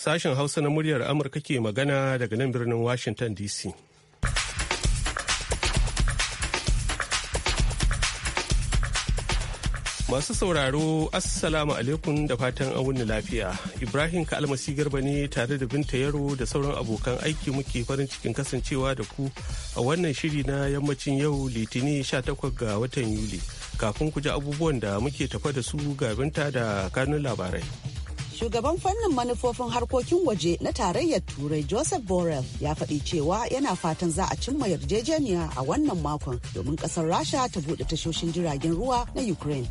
Sashen Hausa na muryar Amurka ke magana daga nan birnin Washington DC. Masu sauraro, Assalamu alaikum da fatan an lafiya. Ibrahim Kalmasi Garba ne tare da Binta Yaro da sauran abokan aiki muke farin cikin kasancewa da ku a wannan shiri na yammacin yau Litini 18 ga watan Yuli. Kafin ku ji abubuwan da muke tafa da su ga Binta da kanun labarai. shugaban fannin manufofin harkokin waje na tarayyar turai joseph borrell ya faɗi cewa yana fatan za a cimma yarjejeniya a wannan makon domin ƙasar rasha ta buɗe tashoshin jiragen ruwa na ukraine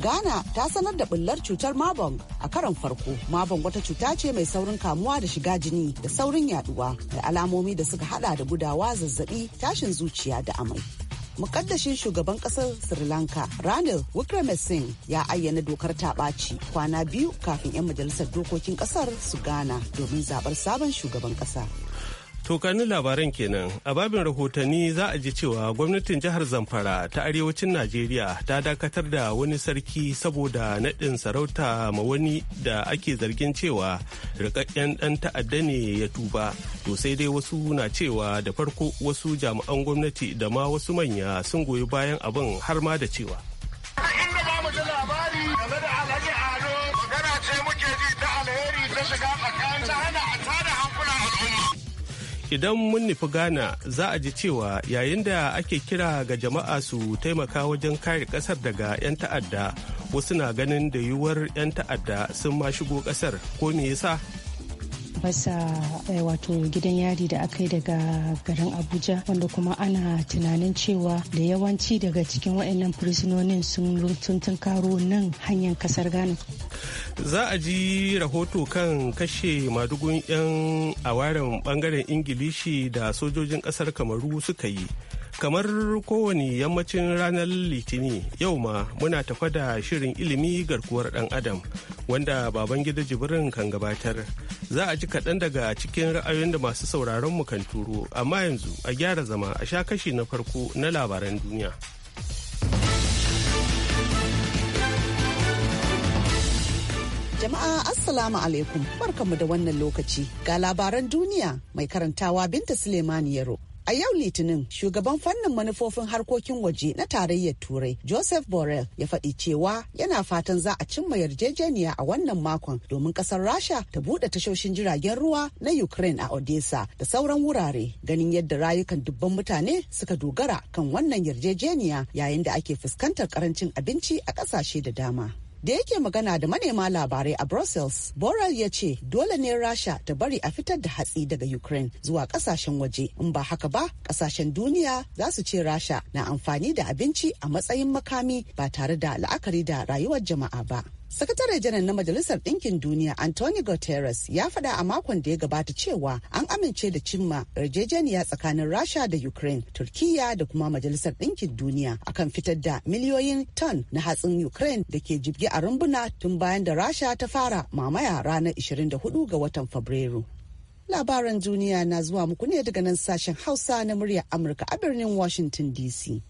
Ghana ta sanar da bullar cutar mabon a karon farko. mabon wata cuta ce mai saurin kamuwa da shiga jini da saurin yaduwa da alamomi da suka hada da gudawa, zazzabi, tashin zuciya da amai. mukaddashin shugaban kasar sri lanka ranil wickremesinghe ya ayyana dokar taɓaci kwana biyu kafin 'yan majalisar dokokin kasar su gana domin zaɓar sabon shugaban ƙasa. Tokanin labaran kenan a babin rahotanni za a ji cewa gwamnatin jihar Zamfara ta arewacin Najeriya ta dakatar da wani sarki saboda naɗin sarauta ma wani da ake zargin cewa rikakken ɗan ta'adda ne ya tuba. To sai dai wasu na cewa da farko wasu jami'an gwamnati da ma wasu manya sun goyi bayan abin har ma da cewa. Inda ba mu labari game da Alhaji Ado ce muke ji ta alheri ta shiga idan mun nufi ghana za a ji cewa yayin da ake kira ga jama'a su taimaka wajen kare kasar daga 'yan ta'adda wasu na ganin da yiwuwar 'yan ta'adda sun ma shigo kasar ko me yasa fasa eh, wato gidan yari da aka yi daga garin abuja wanda kuma ana tunanin cewa da yawanci daga cikin waɗannan fursunonin sun tunkaro nan hanyar kasar ghana za a ji rahoto kan kashe madugun 'yan awaren bangaren ingilishi da sojojin kasar kamaru suka yi kamar kowane yammacin ranar litini yau ma muna tafa da shirin ilimi garkuwar dan adam wanda baban gida jibirin kan gabatar za a ji kaɗan daga cikin ra'ayoyin da masu sauraron mu kan turo amma yanzu a gyara zama a sha kashi na farko na labaran duniya jama'a assalamu alaikum barkamu da wannan lokaci ga labaran duniya mai karantawa binta suleimani yaro A yau Litinin, shugaban fannin manufofin harkokin waje na tarayyar Turai, Joseph Borrell, ya faɗi cewa yana fatan za a cimma yarjejeniya a wannan makon domin ƙasar Rasha ta buɗe tashoshin jiragen ruwa na Ukraine a Odessa da sauran wurare ganin yadda rayukan dubban mutane suka dogara kan wannan yarjejeniya yayin da ake fuskantar ƙarancin abinci a ƙasashe da dama. da yake magana da manema labarai a brussels borrell ya ce dole ne rasha ta bari a fitar da hatsi daga ukraine zuwa kasashen waje in ba haka ba kasashen duniya za su ce rasha na amfani da abinci a matsayin makami ba tare da la'akari da rayuwar jama'a ba sakatare janar na majalisar ɗinkin duniya anthony guterres ya faɗa a makon da ya gabata cewa an amince da cimma yarjejeniya tsakanin rasha da ukraine Turkiyya da kuma majalisar ɗinkin duniya akan fitar da miliyoyin ton na hatsin ukraine da ke jibge a rumbuna tun bayan da rasha ta fara mamaya ranar 24 ga watan fabrairu labaran duniya na zuwa muku ne daga nan sashen hausa na muryar amurka a birnin washington dc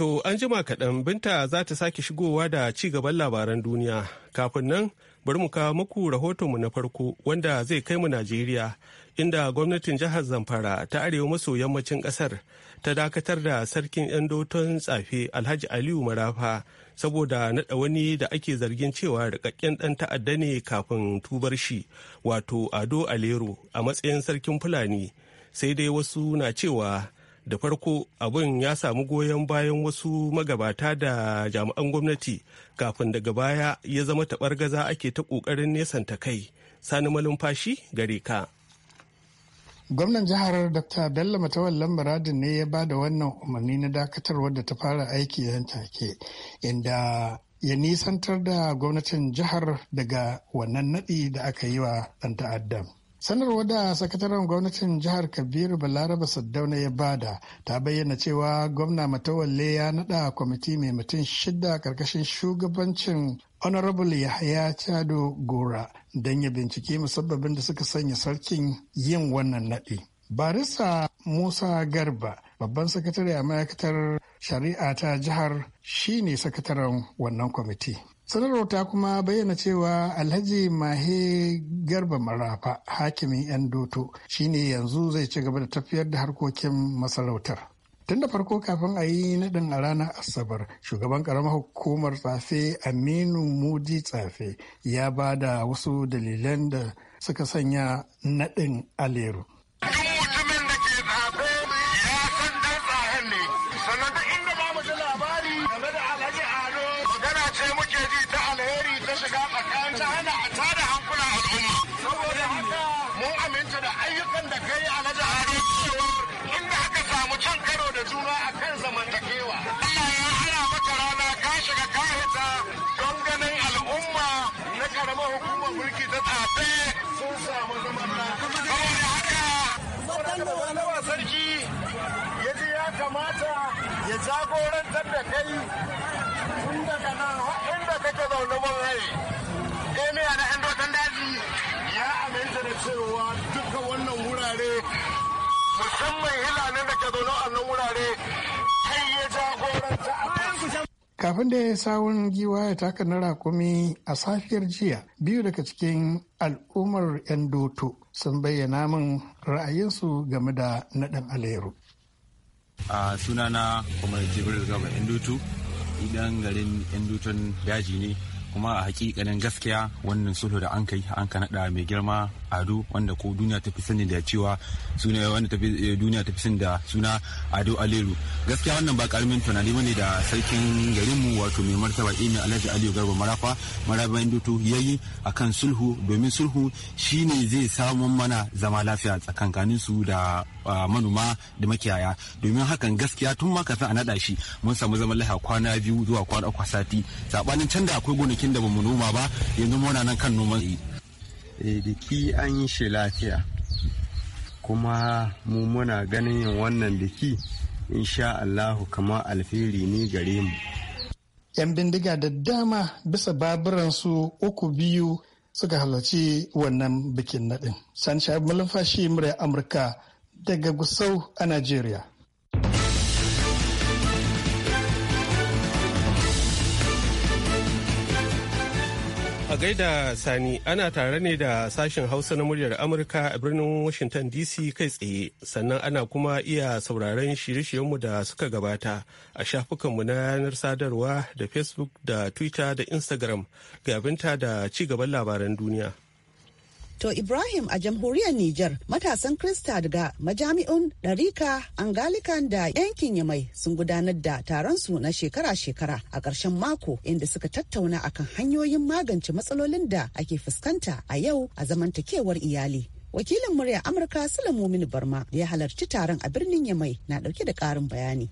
To an jima kaɗan binta za ta sake shigowa da ci gaban labaran duniya. Kafin nan bari mu kawo muku mu na farko wanda zai kai mu Najeriya inda gwamnatin jihar Zamfara ta arewa maso yammacin ƙasar ta dakatar da sarkin 'yan doton tsafe Alhaji Aliyu Marafa saboda naɗa wani da ake zargin cewa rikakken ɗan ta'adda ne kafin tubar shi wato Ado Alero a matsayin sarkin Fulani sai dai wasu na cewa da farko abin ya samu goyon bayan wasu magabata da jami'an gwamnati kafin daga baya ya zama taɓar gaza ake ta ƙoƙarin nesanta kai sani malumfashi gare ka gwamnan jihar dr bello matawallan muradin ne ya ba da wannan umarni na dakatarwar da ta fara aiki yan take inda ya nisantar da gwamnatin jihar daga wannan naɗi da aka yi wa ɗan ta'addan sanarwar da sakataren gwamnatin jihar kabiru balaraba saddauna ya bada ta bayyana cewa gwamna matawalle ya nada kwamiti mai mutum shida karkashin shugabancin honorable yahaya chado gora don ya bincike musabbabin da suka sanya sarkin yin wannan naɗi barisa musa garba babban sakatare a ma'aikatar shari'a ta jihar shine sakataren wannan kwamiti sanarwar ta kuma bayyana cewa alhaji mahe garba marafa hakimin yan doto shine yanzu zai ci gaba da tafiyar da harkokin masarautar tun da farko kafin a yi naɗin a ranar asabar shugaban karamar hukumar tsafe aminu mudi tsafe ya ba da wasu dalilan da suka sanya naɗin aleru. shiga tsakanin ta hana a tada hankulan al'umma saboda haka mun aminta da ayyukan da kai alhaji haro cewa inda aka samu can karo da juna a kan zamantakewa Allah ya hana maka rana ka shiga ka hita don ganin al'umma na karamar hukumar mulki ta tsafe sun samu zaman lafiya saboda haka waɗanda sarki ya ji ya kamata ya jagorantar da kai tun daga nan ita zaune ne jami'a na 'yan dotan daji ya aminta da cewa duka wannan wurare musamman hilanin da ke zaune a nan wurare kai ya jagoranta kafin da ya sawun giwa ya taka na rakumi a safiyar jiya biyu daga cikin al'ummar 'yan doto sun bayyana min ra'ayinsu game da naɗin aleru a sunana kuma jibril gaba 'yan doto idan garin yan dutsen daji ne kuma a hakikanin gaskiya wannan sulhu da an kai an kanada mai girma ado wanda ko duniya ta fi sani da cewa suna wanda ta eh, duniya ta fi sani da suna ado aleru gaskiya wannan ba karamin tunani bane da sarkin garinmu wato mai martaba imi alhaji aliyu garba marafa marabayan dutu yayi akan sulhu domin sulhu shine zai samu mana zama lafiya tsakankanin su da manoma da makiyaya domin hakan gaskiya tun ma kafin a nada shi mun samu zaman laha kwana biyu zuwa kwana uku sati sabanin can da akwai gonakin da bamu noma ba yanzu muna nan kan noman eh biki an yi shi lafiya kuma mu muna ganin yin wannan biki insha Allahu kama alfiri ne gare mu 'yan bindiga da dama bisa baburan su uku biyu suka halarci wannan bikin naɗin. Sani Shahab Malumfashi murya Amurka daga Gusau a Najeriya. A gaida Sani ana tare ne da sashen Hausa na muryar Amurka a birnin Washington DC kai tsaye sannan ana kuma iya sauraron shirye-shiryenmu da suka gabata a shafukanmu na yanar sadarwa da Facebook da Twitter da Instagram ga binta da ci gaban labaran duniya. To Ibrahim a jamhuriyar Nijar matasan Krista daga majami'un ɗarika Angalikan da yankin Yamai sun gudanar da taron su na shekara-shekara a ƙarshen mako inda suka tattauna akan hanyoyin magance matsalolin da ake fuskanta a yau a zamantakewar iyali. Wakilin murya Amurka Sulamomin Barma ya halarci taron a birnin Yamai na ɗauke da ƙarin bayani.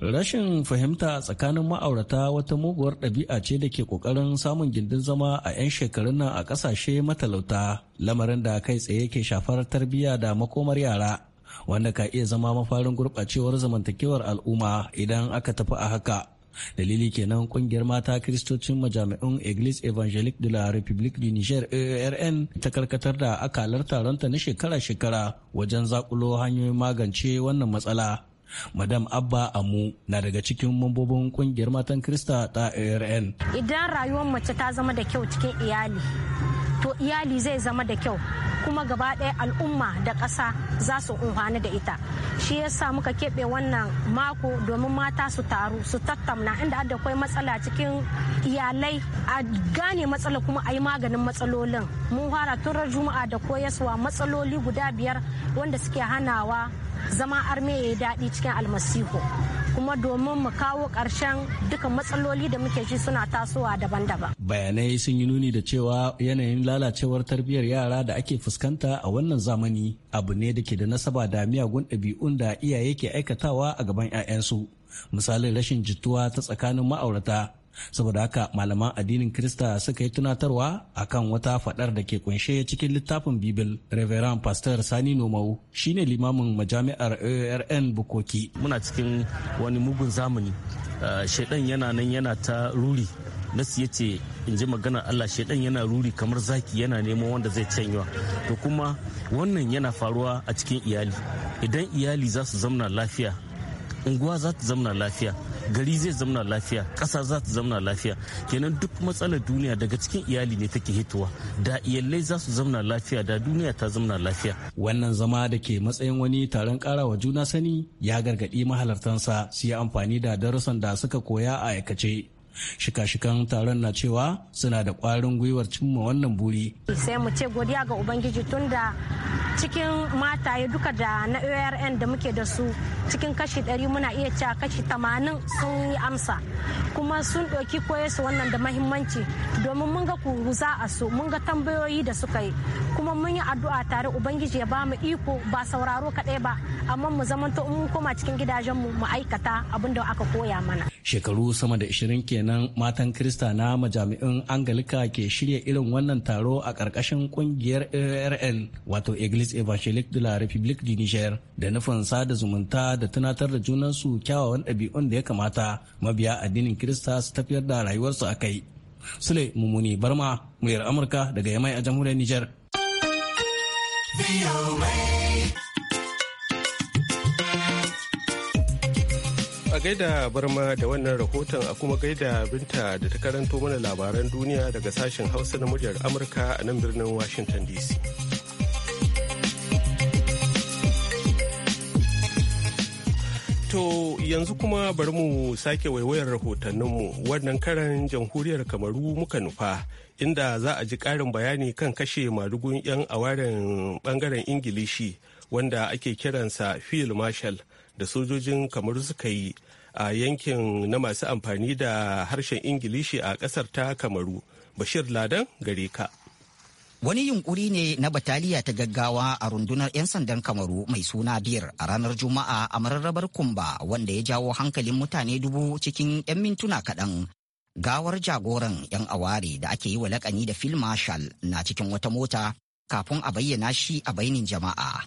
Rashin fahimta tsakanin ma'aurata wata muguwar ɗabi'a ce da ke ƙoƙarin samun gindin zama a 'yan shekarun nan a ƙasashe matalauta, lamarin da kai tsaye ke shafar tarbiyya da makomar yara, wanda ka iya zama mafarin gurɓacewar zamantakewar al'umma idan aka tafi a haka. Dalili kenan ƙungiyar mata kiristocin majami'un Eglise Evangelique de la République du Niger ERN ta karkatar da akalar taronta na shekara-shekara wajen zakulo hanyoyin magance wannan matsala. madam abba amu na daga cikin mambobin kungiyar matan krista ta arn idan rayuwar mace ta zama da kyau cikin iyali to iyali zai zama da kyau kuma gaba ɗaya al'umma da ƙasa za su unhani da ita shi yasa muka keɓe wannan mako domin mata su taru su tattauna inda adda akwai matsala cikin iyalai a gane matsala kuma a yi maganin matsalolin mun fara tun juma'a da koyaswa matsaloli guda biyar wanda suke hanawa zama arme ya yi daɗi cikin almasihu kuma domin mu kawo ƙarshen duka matsaloli da muke ji suna tasowa daban-daban. Bayanai sun yi nuni da cewa yanayin lalacewar tarbiyyar yara da ake fuskanta a wannan zamani abu ne da ke da nasaba da miyagun ɗabi'un da iyaye ke aikatawa a gaban 'ya'yansu. Misalin rashin jituwa ta tsakanin ma'aurata saboda haka malaman addinin krista suka yi tunatarwa akan wata fadar da ke kunshe cikin littafin bibil reverend pastor sani nomau shine limamin majami'ar arn bukoki muna cikin wani mugun zamani ah, shaidan yana nan yana ta ruri nasu ya ce in ji magana allah shaidan yana ruri kamar zaki yana neman wanda zai canyawa to kuma wannan yana faruwa a cikin iyali idan iyali za su zamna lafiya unguwa za ta zamna lafiya gari zai zamna lafiya ƙasa za ta zamna lafiya kenan duk matsalar duniya daga cikin iyali ne take hitowa da iyalai za su zamna lafiya da duniya ta zamna lafiya wannan zama da ke matsayin wani taron karawa juna sani ya gargaɗi mahalartansa su yi amfani da darussan da suka koya a aikace shika-shikan taron na cewa suna da kwarin gwiwar cimma wannan buri sai mu ce godiya ga ubangiji tun da cikin mataye duka da na urn da muke da su cikin kashi 100 muna iya cewa kashi 80 sun yi amsa kuma sun ɗauki su wannan da mahimmanci domin mun ga za a su mun ga tambayoyi da suka yi kuma mun yi addu'a tare ubangiji ya bamu iko ba sauraro kaɗai ba amma mu zamanto mun koma cikin gidajenmu mu aikata abin da aka koya mana shekaru sama da 20 kenan matan krista na majami'in angalika ke shirya irin wannan taro a ƙarƙashin ƙungiyar arn wato iglis evangelique de la république du niger da nufin sada zumunta da tunatar da junansu kyawawan ɗabi'un da ya kamata mabiya addinin krista su tafiyar da rayuwarsu a kai sule mummuni barma muryar amurka daga yamai a jamhuriyar niger a gaida barma da wannan rahoton a kuma gaida binta da ta karanto mana labaran duniya daga sashen hausa na muryar amurka a nan birnin washington dc To yanzu kuma bari mu sake waiwayar rahotanninmu wannan karan jamhuriyar kamaru muka nufa inda za a ji ƙarin bayani kan kashe madugun 'yan awarin bangaren ingilishi wanda ake kiransa field marshal. da sojojin kamar suka yi a yankin na masu amfani da harshen ingilishi a kasar ta kamaru bashir ladan gare ka Wani yunkuri ne na bataliya ta gaggawa a rundunar 'yan sandan Kamaru mai suna biyar a ranar Juma'a a mararrabar Kumba wanda ya jawo hankalin mutane dubu cikin 'yan mintuna kaɗan. Gawar jagoran 'yan aware da ake yi wa lakani da Phil Marshall na cikin wata mota kafin a bayyana shi a bainin jama'a.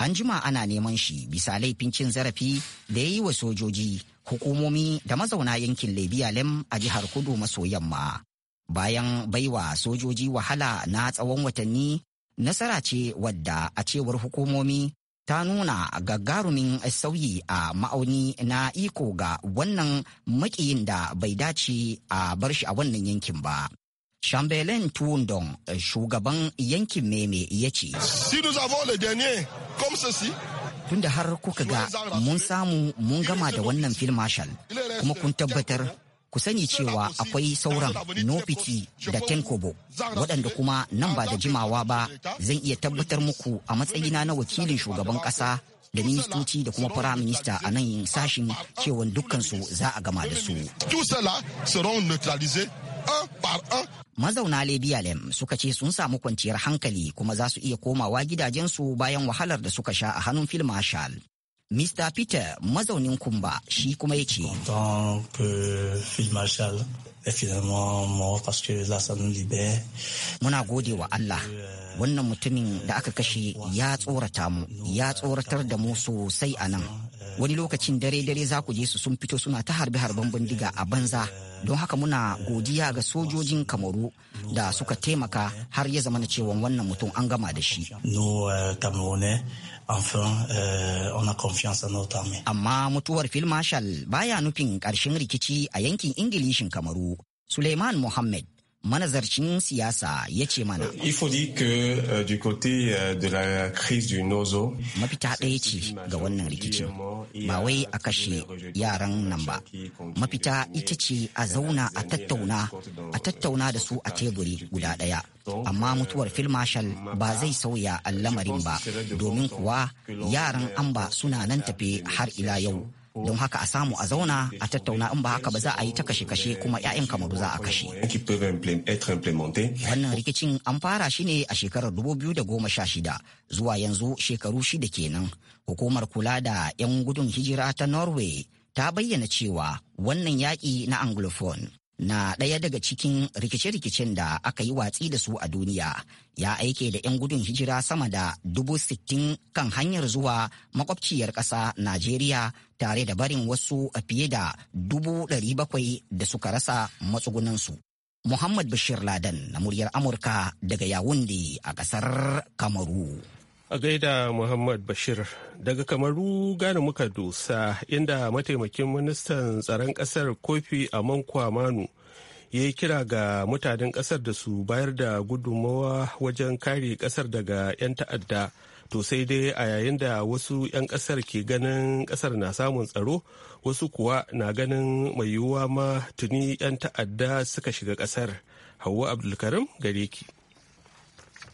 an jima ana neman shi bisa laifin cin zarafi da ya yi wa sojoji hukumomi da mazauna yankin lebialem a jihar kudu maso yamma bayan baiwa sojoji wahala na tsawon watanni nasara ce wadda a cewar hukumomi ta nuna gagarumin sauyi a ma'auni na iko ga wannan makiyin da bai dace a bar shi a wannan yankin ba Shambelen Tuundong, eh, shugaban yankin Meme ya ce. Tunda har kuka ga mun samu mun gama da wannan fil marshal kuma kun tabbatar ku sani cewa akwai sauran nofiti da tenkobo waɗanda kuma nan ba da jimawa ba zan iya tabbatar muku a matsayina na wakilin shugaban ƙasa da ministoci da kuma firaminista a nan yin sashin cewa dukkansu za a gama da su. Tout cela seront un par un mazauna lem suka ce sun samu kwanciyar hankali kuma za su iya komawa gidajensu bayan wahalar da suka sha a hannun fil Marshall. Mr. Peter mazaunin Kumba shi kuma ya ce. Muna gode wa Allah euh, wannan mutumin da aka kashe euh, ya tsorata mu ya tsoratar da mu sosai a nan. Euh, Wani lokacin dare-dare za ku je su sun fito suna ta harbe-harben bindiga a banza don haka muna godiya ga sojojin kamaru da suka taimaka har ya zama na cewa wannan mutum an gama da shi euh, euh, Amma mutuwar Phil Marshall baya nufin ƙarshen rikici a yankin Ingilishin Kamaru. Suleiman Mohammed manazarcin siyasa ya ce mana. Euh, euh, Mafita ɗaya ce ga wannan rikicin, ba wai a kashe yaran nan ba. Mafita ita ce a zauna a tattauna, a tattauna da su a teburi guda ɗaya. Amma mutuwar Phil Marshall ba zai sauya al'amarin ba, domin kuwa yaran amba suna nan tafe har ila yau. don haka a samu a zauna a tattauna in ba haka ba za a yi ta kashe-kashe kuma 'ya'yan kamaru za a kashe. Wannan rikicin an fara shi ne a shekarar 2016 zuwa yanzu shekaru shida kenan. Hukumar kula da 'yan gudun hijira ta Norway ta bayyana cewa wannan yaƙi na Anglophone na ɗaya daga cikin rikice-rikicen da aka yi watsi da su a duniya ya aike da 'yan gudun hijira sama da dubu kan hanyar zuwa makwabciyar ƙasa Najeriya tare da barin wasu a fiye da dubu ɗari bakwai da suka rasa matsugunansu. Muhammad Bashir Ladan na muryar Amurka daga Yawunde a ƙasar Kamaru. A gaida Muhammad Bashir daga Kamaru gane muka dosa inda mataimakin ministan tsaron ƙasar Kofi Aman Kwamanu ya yi kira ga mutanen ƙasar da su bayar da gudunmawa wajen kare ƙasar daga 'yan ta'adda. to sai dai a yayin da wasu 'yan kasar ke ganin kasar na samun tsaro wasu kuwa na ganin mai yiwuwa ma tuni 'yan ta'adda suka shiga kasar hawa abdulkarim gare ki.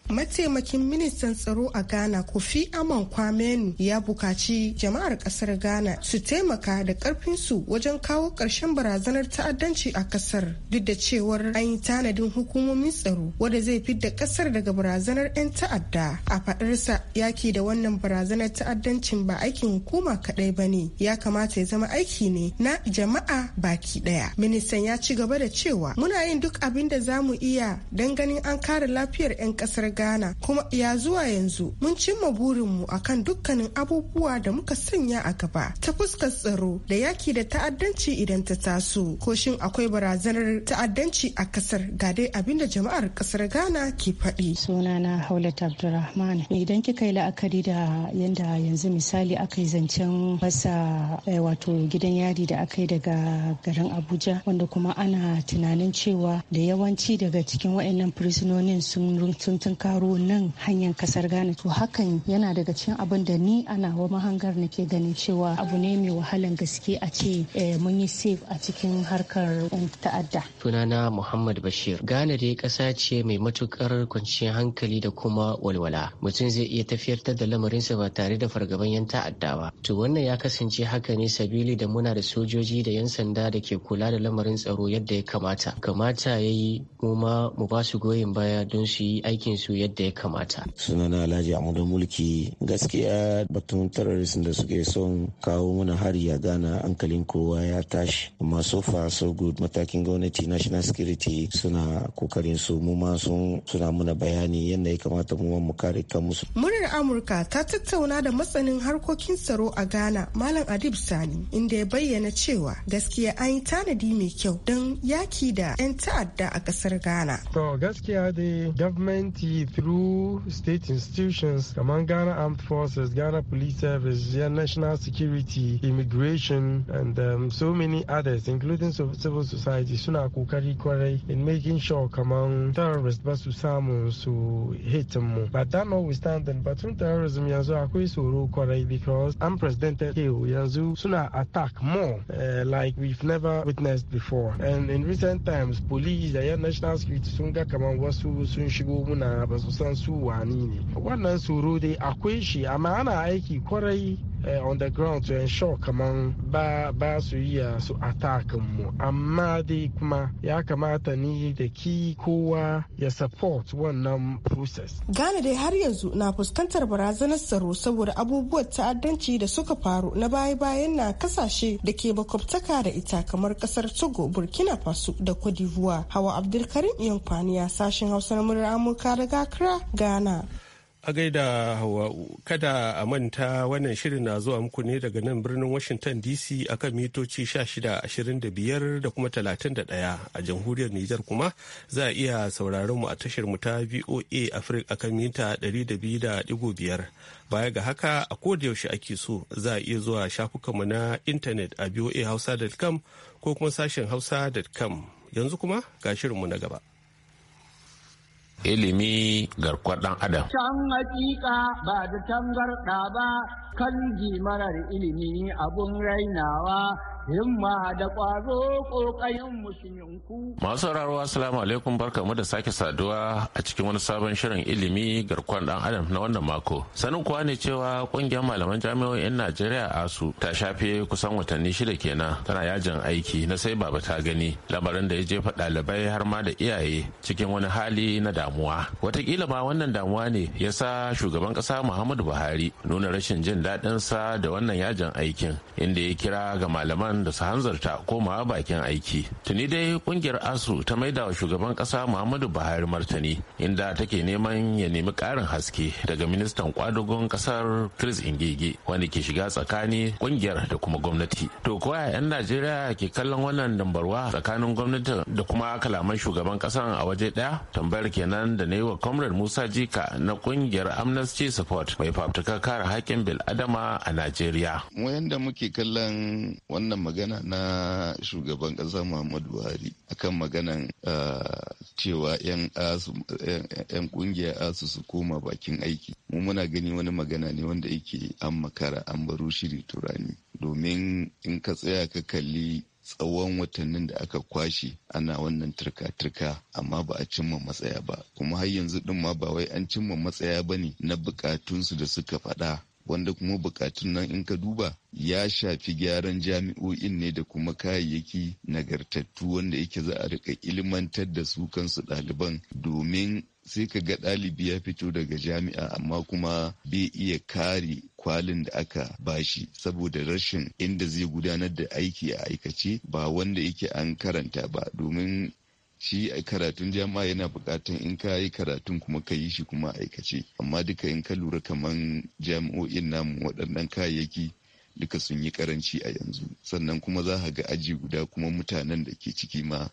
mataimakin ministan tsaro a ghana kofi aman kwamenu ya bukaci jama'ar kasar ghana su taimaka da karfinsu wajen kawo ƙarshen barazanar ta'addanci a kasar duk da cewar an yi tanadin hukumomin tsaro wanda zai fi da kasar daga barazanar 'yan ta'adda a fadarsa yaki da wannan barazanar ta'addancin ba aikin hukuma kaɗai ba ne ya kamata ya zama aiki ne na jama'a baki ɗaya ministan ya ci gaba da cewa muna yin duk abin da za mu iya don ganin an kare lafiyar 'yan kasar ghana kuma ya zuwa yanzu mun cimma burinmu a kan dukkanin abubuwa da muka sanya a gaba ta fuskar tsaro da yaki da ta'addanci idan ta taso ko shin akwai barazanar ta'addanci a kasar ga dai abin da jama'ar kasar ghana ke faɗi sunana haulat abdulrahman idan kika yi la'akari da yanda yanzu misali aka yi zancen fasa eh, wato gidan yari da aka yi daga garin abuja wanda kuma ana tunanin cewa da yawanci daga cikin waɗannan fursunonin sun karo nan hanyar kasar ghana to hakan yana daga cikin abin da ni ana wa mahangar ke ganin cewa abu ne mai wahalan gaske a ce eh, mun yi safe a cikin harkar ta'adda sunana muhammad bashir ghana dai kasa ce mai matukar kwanciyar hankali da kuma walwala mutum zai iya tafiyar da lamarinsa ba tare da fargaban yan ta'adda ba to wannan ya kasance haka ne sabili da muna da sojoji da yan sanda da ke kula da lamarin tsaro yadda ya kamata kamata ya yi mu ma mu ba su goyon baya don su yi aikin su yadda ya kamata. Sunana Alhaji Amudu Mulki gaskiya batun terrorism da suke son kawo mana hari ya gana hankalin kowa ya tashi amma so far so good matakin gwamnati national security suna kokarin su mu ma sun suna muna bayani yadda ya kamata mu mu kare kanmu. Murar Amurka ta tattauna da matsanin harkokin tsaro a Ghana Malam Adib Sani inda ya bayyana cewa gaskiya an yi tanadi mai kyau don yaki da 'yan ta'adda a ƙasar Ghana. To gaskiya dai gwamnati through state institutions among Ghana Armed Forces, Ghana Police Service, National Security, Immigration, and um, so many others, including civil society, suna kokari kwarai in making sure among terrorists ba su samu su hate mu. But that notwithstanding, batun terrorism yanzu akwai tsoro kwarai because unprecedented kill yanzu suna attack more uh, like we've never witnessed before. And in recent times, police da national security sun ga wasu sun shigo ba su san su wani ne wannan tsoro dai akwai shi amma ana aiki kwarai Eh, on the ground to ensure kaman ba ba su a eh, su attack mu amma dai kuma ya kamata ni da ki kowa ya support wannan process Ghana dai har yanzu na fuskantar barazanar tsaro saboda abubuwan ta'addanci da suka faru na baya-bayan na kasashe da ke makwabtaka da ita kamar kasar Togo Burkina Faso da Cote d'Ivoire Hawa Abdulkarim Yankwaniya sashen Hausa na murar Amurka daga Accra Ghana a gaida kada a manta wannan shirin na zuwa muku ne daga nan birnin washington dc akan mitoci 1625 da kuma 31 a jamhuriyar nijar kuma za a iya sauraron mu a tashar mu ta voa africa akan mita 200.5 baya ga haka a yaushe ake so za a iya zuwa shafukanmu na intanet a voa hausa.com ko kuma sashen hausa.com yanzu kuma ga shirinmu na gaba. ilimi garkuwar dan adam. Can hakika ba da tangarɗa ba kan marar ilimi abun rainawa himma da ƙwazo ƙoƙayen musulminku. Masu sauraro assalamu alaikum barkamu da sake saduwa a cikin wani sabon shirin ilimi garkon ɗan adam na wannan mako. Sanin kuwa ne cewa ƙungiyar malaman jami'o'in Najeriya ASU ta shafe kusan watanni shida kenan tana yajin aiki na sai baba ta gani lamarin da ya jefa ɗalibai har ma da iyaye cikin wani hali na damuwa. Wataƙila ma wannan damuwa ne ya sa shugaban ƙasa Muhammadu Buhari nuna rashin jin daɗinsa da wannan yajin aikin inda ya kira ga malaman matasan da su hanzarta komawa bakin aiki tuni dai kungiyar asu ta maida wa shugaban kasa muhammadu buhari martani inda take neman ya nemi karin haske daga ministan kwadugon kasar chris ingege wanda ke shiga tsakani kungiyar da kuma gwamnati to koya yan najeriya ke kallon wannan dambarwa tsakanin gwamnati da kuma kalaman shugaban kasar a waje daya tambayar kenan da na yi wa comrade musa jika na kungiyar amnesty support mai fafutukar kare haƙƙin bil'adama a najeriya mu yanda muke kallon wannan magana na shugaban ƙasa muhammadu buhari akan maganan ah, cewa 'yan ƙungiya asu su koma bakin aiki mu muna gani wani magana ne wanda yake an makara an baro shiri turani domin in ka tsaya ka kalli tsawon watannin da aka kwashe ana wannan turka-turka amma ba a cimma matsaya ba kuma har yanzu din ma ba wai an cimma matsaya ba ne na bukatunsu da suka faɗa wanda kuma bukatun nan in ka duba ya shafi gyaran jami'o'in ne da kuma kayayyaki nagartattu wanda yake za a rika ilmantar da su kansu ɗaliban domin sai ka ga ɗalibi ya fito daga jami'a amma kuma bai iya kare kwalin da aka bashi saboda rashin inda zai gudanar da aiki a aikace ba wanda yake an karanta ba domin shi a karatun jami'a yana buƙatan in ka yi karatun kuma ka yi shi kuma aikace amma duka in ka lura kaman jami'o'in namu waɗannan kayayyaki duka sun yi karanci a yanzu sannan kuma za ga aji guda kuma mutanen da ke ciki ma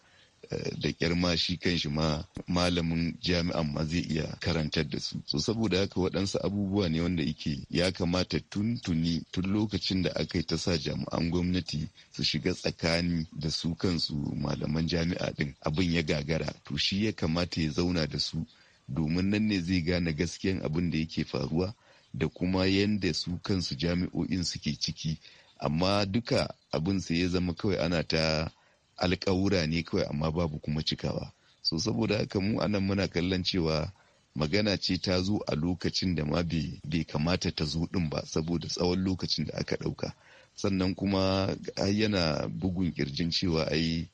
da kyar ma shi kan shi ma malamin jami'an ma zai iya karantar da su so saboda haka waɗansu abubuwa ne wanda yake ya kamata tuntuni tun lokacin da aka yi ta sa jami'an gwamnati su shiga tsakani da su kansu malaman jami'a din abin ya gagara to shi ya kamata ya zauna da su domin nan ne zai gane gaskiyan abin da yake faruwa da kuma yadda su kansu jami'o'in suke ciki amma duka abin sai ya zama kawai ana ta alkawura ne kawai amma babu kuma cikawa so saboda haka mu anan muna kallon cewa magana ce ta zo a lokacin da ma bai kamata ta zo din ba saboda tsawon lokacin da aka ɗauka sannan kuma yana bugun kirjin cewa ai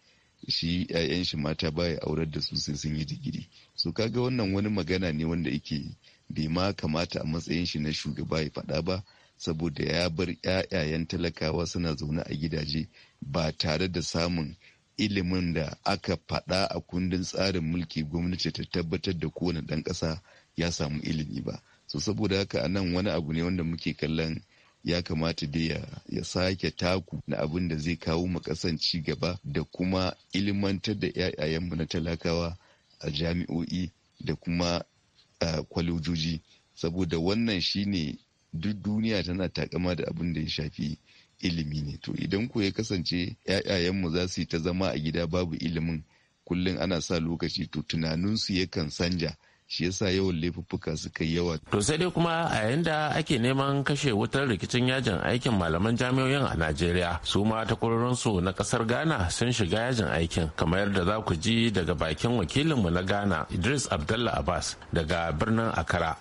shi 'ya'yan shi mata baya aurar da su sai sun yi digiri so kaga wannan wani magana ne wanda yake bai ma kamata a matsayin shi na shugaba ya faɗa ba saboda ya bar ya'yan talakawa suna zaune a gidaje ba tare da samun ilimin da aka faɗa a kundin tsarin mulki gwamnati ta tabbatar da kowane ɗan ƙasa ya samu ilimi ba so saboda haka a nan wani abu ne wanda muke kallon ya kamata dai ya sake taku na abin da zai kawo mu ci gaba da kuma ilimantar da 'ya'yayenmu na talakawa a jami'o'i da kuma kwalojoji saboda wannan shine duk duniya tana takama da abin da ya shafi ilimi ne to idan ko ya kasance ‘ya'yayenmu za su yi ta zama a gida babu ilimin kullum ana sa lokaci to tunaninsu yakan sanja shi yasa yawan laifuffuka suka yi yawa. To sai dai kuma a yayin da ake neman kashe wutar rikicin yajin aikin malaman jami'oyin a Najeriya su ma takwarorinsu na kasar Ghana sun shiga yajin aikin kamar yadda za ku ji daga bakin wakilinmu na Ghana Idris Abdullah Abbas daga birnin Akara.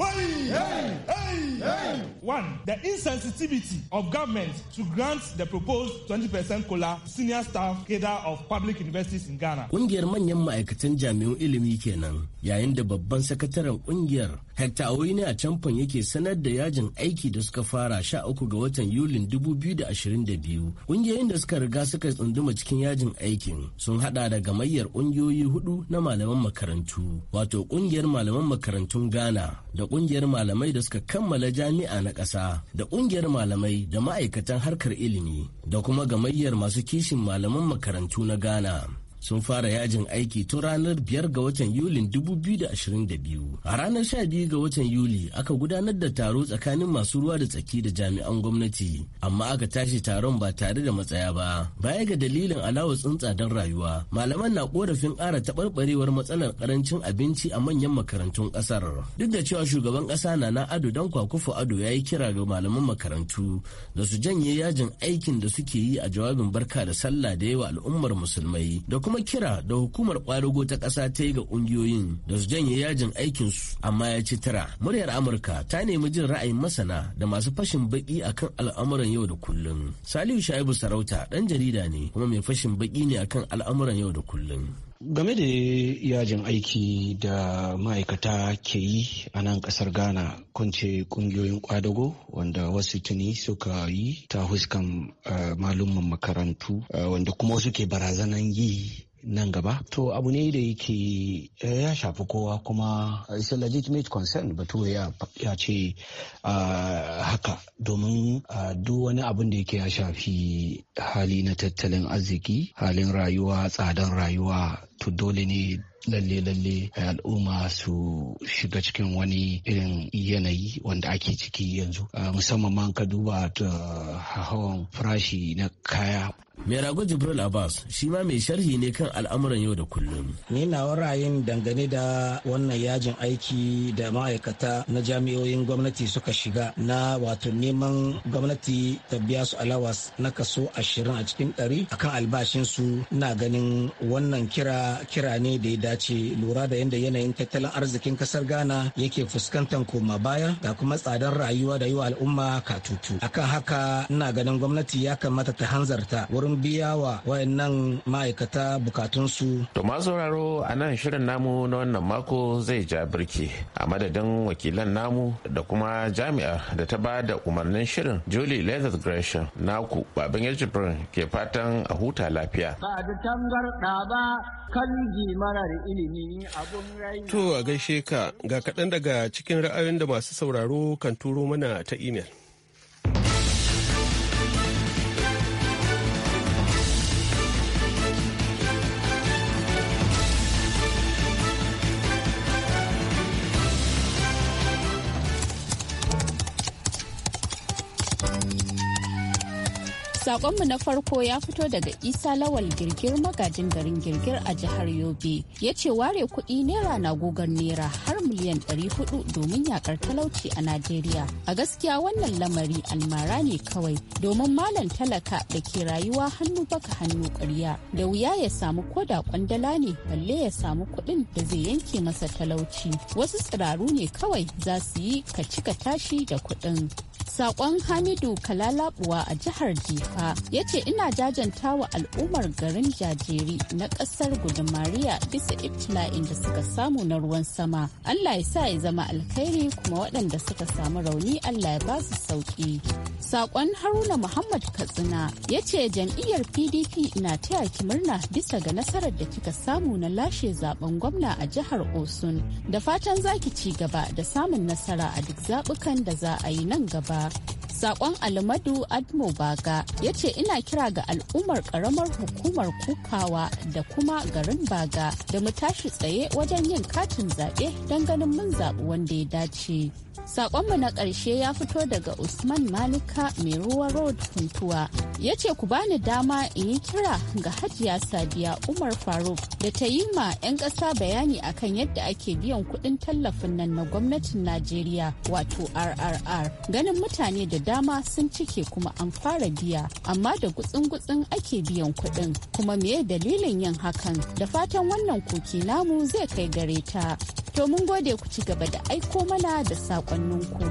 Hey, hey, hey, hey. One, the insensitivity of government to grant the proposed 20% COLA senior staff cadre of public universities in Ghana. Kungiyar manyan ma'aikatan jami'un ilimi kenan yayin da babban sakataren kungiyar Hector Awoyine a camfan yake sanar da yajin aiki da suka fara 13 ga watan Yulin 2022. Kungiyoyin da suka riga suka tsunduma cikin yajin aikin sun hada da gamayyar kungiyoyi hudu na malaman makarantu, wato kungiyar malaman makarantun Ghana da kungiyar malamai da suka kammala jami'a na ƙasa da kungiyar malamai da ma'aikatan harkar ilimi da kuma gamayyar masu kishin malaman makarantu na Ghana. sun fara yajin aiki tun ranar 5 ga watan Yulin 2022. A ranar 12 ga watan Yuli aka gudanar da taro tsakanin masu ruwa da tsaki da jami'an gwamnati, amma aka tashi taron ba tare da matsaya ba. Baya ga dalilin alawar tsuntsa don rayuwa, malaman na korafin ƙara taɓarɓarewar matsalar ƙarancin abinci a manyan makarantun ƙasar. Duk da cewa shugaban ƙasa na na Ado dan kwakufu Ado ya yi kira ga malaman makarantu da su janye yajin aikin da suke yi a jawabin barka da sallah da yawa al'ummar musulmai da kuma kira da hukumar kwadago ta kasa ta yi ga ƙungiyoyin da su janye yajin aikinsu amma ya ci tara muryar amurka ta nemi jin ra'ayin masana da masu fashin baki akan al'amuran yau da kullum salihu shaibu sarauta dan jarida ne kuma mai fashin baki ne akan al'amuran yau da kullum game da yajin aiki da ma'aikata ke yi a nan kasar ghana kunce kungiyoyin kwadago wanda wasu tuni suka yi ta huskan uh, makarantu uh, wanda kuma wasu ke barazanan yi nan gaba to abu ne da yake eh, ya shafi kowa kuma is a legitimate concern bature ya ce ah, haka domin ah, duk wani abin da yake ya shafi hali na tattalin arziki halin rayuwa tsadan rayuwa to dole ne lalle lalle al'umma su shiga cikin wani irin yanayi wanda ake ciki yanzu ah, musamman man ka duba ta hawan farashi na kaya Mai rago Jibril Abbas shi ma mai sharhi ne kan al'amuran yau da kullum. Ni nawa ra'ayin dangane da wannan yajin aiki da ma'aikata na jami'oyin gwamnati suka shiga na wato neman gwamnati ta biya su alawas na kaso ashirin a cikin ɗari akan albashinsu na ganin wannan kira kira ne da ya dace lura da yadda yanayin tattalin arzikin kasar Ghana yake fuskantar koma baya da kuma tsadar rayuwa da yiwa al'umma al'umma katutu. Akan haka ina ganin gwamnati ya kamata ta hanzarta wurin sun biya wa wayannan ma'aikata bukatunsu. To ma sauraro a nan shirin namu na wannan mako zai ja birki a madadin wakilan namu da kuma jami'a da ta ba da umarnin shirin Julie Leather Gresham naku baban Yajibirin ke fatan a huta lafiya. Ba da tangarɗa ba To a gaishe ka ga kaɗan daga cikin ra'ayoyin da masu sauraro kan turo mana ta imel. Sakonmu na farko ya fito daga Isa Lawal Girgir magajin garin Girgir a jihar Yobe. Ya ce ware kuɗi naira na gogon naira har miliyan 400 domin yakar talauci a Najeriya. A gaskiya wannan lamari almara ne kawai domin malam talaka da ke rayuwa hannu baka hannu ƙarya. Da wuya ya samu koda kwandala ne balle ya samu kuɗin da zai yanke masa talauci. Wasu tsiraru ne kawai za su yi ka cika tashi da kuɗin. saƙon Hamidu Kalalabuwa a jihar Jiha Mustapha ya ce ina wa al'ummar garin Jajeri na ƙasar Gudumariya bisa ibtila'in da suka samu na ruwan sama. Allah ya sa ya zama alkhairi kuma waɗanda suka samu rauni Allah ya basu su sauƙi. Saƙon Haruna Muhammad Katsina ya ce jam'iyyar PDP na taya ki murna bisa ga nasarar da kika samu na lashe zaben gwamna a jihar Osun. Da fatan za ki ci gaba da samun nasara a duk zabukan da za a yi nan gaba. Sakon Almadu Admo Baga ya ce ina kira ga al'ummar karamar hukumar kukawa da kuma garin Baga da mu tashi tsaye wajen yin katin zaɓe don ganin mun zaɓi wanda ya dace. Sakonmu na ƙarshe ya fito daga Usman Malika mai ruwa road Huntuwa. Ya ce ku bani dama in yi kira ga Hajiya Sadiya Umar Faruk da ta yi ma 'yan ƙasa bayani akan yadda ake biyan kuɗin tallafin nan na gwamnatin Najeriya wato RRR. Ganin mutane da dama sun cike kuma an fara biya amma da gutsin-gutsin ake biyan kuɗin kuma meye dalilin yin hakan da fatan wannan koki namu zai kai gare ta to mun gode ku ci gaba da aiko mana da saƙonninku.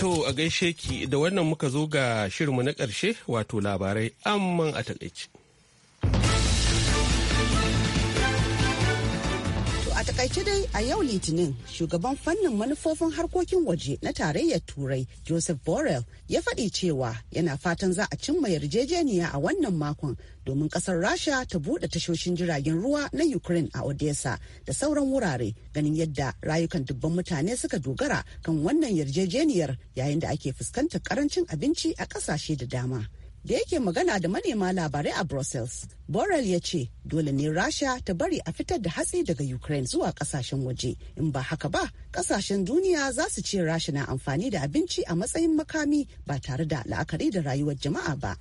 To a gaishe ki da wannan muka zo ga shirinmu na ƙarshe wato labarai amman a taƙaice. A takaice dai a yau Litinin shugaban fannin manufofin harkokin waje na tarayyar Turai Joseph Borrell ya faɗi cewa yana fatan za a cimma yarjejeniya a wannan makon domin ƙasar Rasha ta buɗe tashoshin jiragen ruwa na Ukraine a Odessa da sauran wurare ganin yadda rayukan dubban mutane suka dogara kan wannan yarjejeniyar yayin da ake fuskantar karancin abinci a ƙasashe da dama. da yake magana da manema labarai a brussels borrell ya ce dole ne rasha ta bari a fitar da hatsi daga ukraine zuwa kasashen waje in ba haka ba kasashen duniya za su ce rasha na amfani da abinci a matsayin makami ba tare da la'akari da rayuwar jama'a ba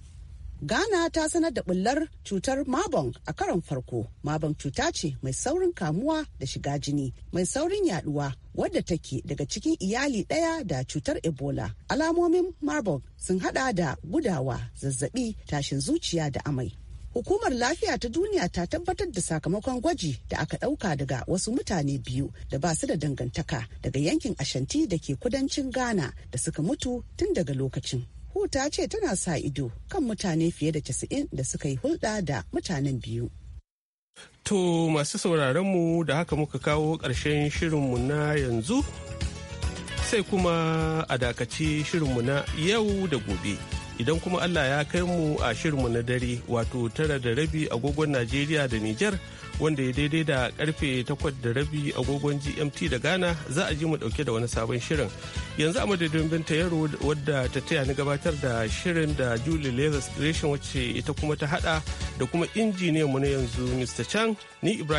Ghana ta sanar da bullar cutar Marburg a karon farko. Marburg cuta ce mai saurin kamuwa da shiga jini, mai saurin yaduwa wadda take daga cikin iyali ɗaya da cutar Ebola. Alamomin Marburg sun hada da gudawa, zazzabi, tashin zuciya da amai. Hukumar lafiya ta duniya ta tabbatar da sakamakon gwaji da aka ɗauka daga wasu mutane biyu da ba su da dangantaka daga yankin Ashanti da ke kudancin Ghana da suka mutu tun daga lokacin. hu ta ce tana sa ido kan mutane fiye da casa'in da suka yi hulɗa da mutanen biyu to masu sauraronmu da haka muka kawo ƙarshen shirinmu na yanzu sai kuma a dakaci shirinmu na yau da gobe idan kuma allah ya kai mu a shirinmu na dare wato tara da rabi agogon najeriya da nijar wanda ya daidai da karfe 8 da rabi agogon gmt da ghana za a ji mu dauke da wani sabon shirin yanzu a madadin binta yaro wadda ta taya ni gabatar da shirin da julie leather station wacce ita kuma ta hada da kuma injiniyan mu na yanzu mr chang ni ibrahim